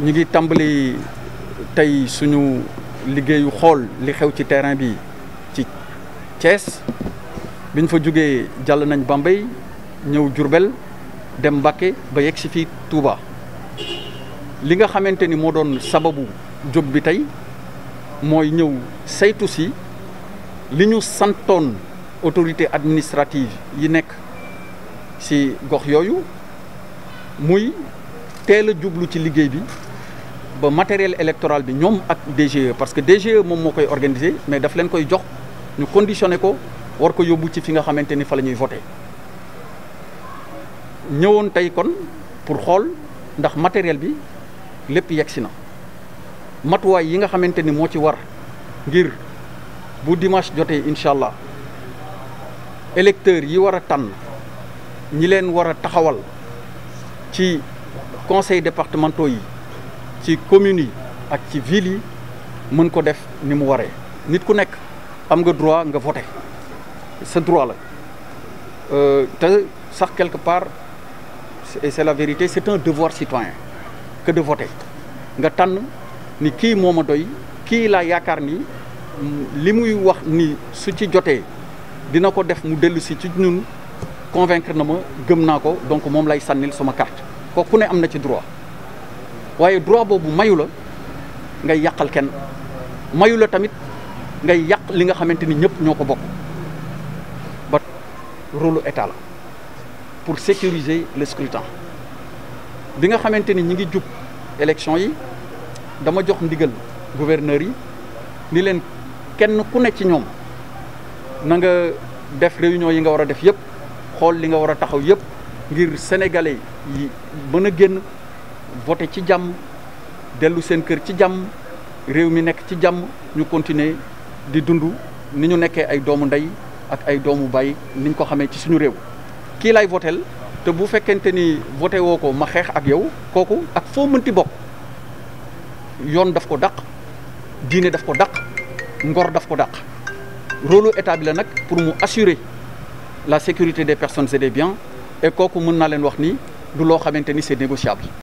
ñu ngi tàmbali tey suñu liggéeyu xool li xew ci terrain bi ci Thiès bi ñu fa jógee jàll nañ Bambey ñëw Diourbel dem Mbacké ba yegg si fii Touba li nga xamante ni moo doon sababu jóg bi tey mooy ñëw saytu si li ñu santoon autorité administrative yi nekk ci gox yooyu muy teel a jublu ci liggéey bi ba matériel électoral bi ñoom ak DGE parce que DGE moom moo koy organiser mais daf leen koy jox ñu conditionné ko war ko yóbbu ci fi nga xamante ni fa ñuy voté ñëwoon tey kon pour xool ndax matériel bi lépp yegsi na matuwaay yi nga xamante ni moo ci war ngir bu dimanche jotee incha allah électeurs yi war a tànn ñi leen war a taxawal ci conseil départementaux yi ci communes yi ak ci villes yi mën ko def ni mu waree nit ku nekk am nga droit nga vote sa droit la euh, te sax quelque part et c'est la vérité c'est un devoir citoyen que de voter nga tànn ni kii moom ma doy kii laa yaakaar ni mm, li muy wax ni su ci jotee dina ko def mu dellu si ci ñun convaincre na ma gëm naa ko donc moom lay sànnil sama carte kooku ne am na ci droit waaye droit boobu mayu la ngay yàqal kenn mayu la tamit ngay yàq li nga xamante ni ñëpp ñoo ko bokk ba rôle état la pour sécuriser le scrutin bi nga xamante ni ñi ngi jub élection yi dama jox ndigal gouverneur yi ni leen kenn ku nekk ci ñoom na nga def réunion yi nga war a def yëpp xool li nga war a taxaw yëpp ngir sénégalais yi mën a génn voté ci jàmm dellu seen kër ci jàmm réew mi nekk ci jàmm ñu continuer di dund ni ñu nekkee ay doomu ndey ak ay doomu bay niñ ko xamee ci suñu réew kii lay votel te bu fekkente ni voté woo ko ma xeex ak yow kooku ak foo mënti bokk yoon daf ko dàq diine daf ko dàq ngor daf ko dàq rôle état nag pour mu assurer la sécurité de personne et des biens kooku mën naa leen wax ni du loo xamante ni c'est négociable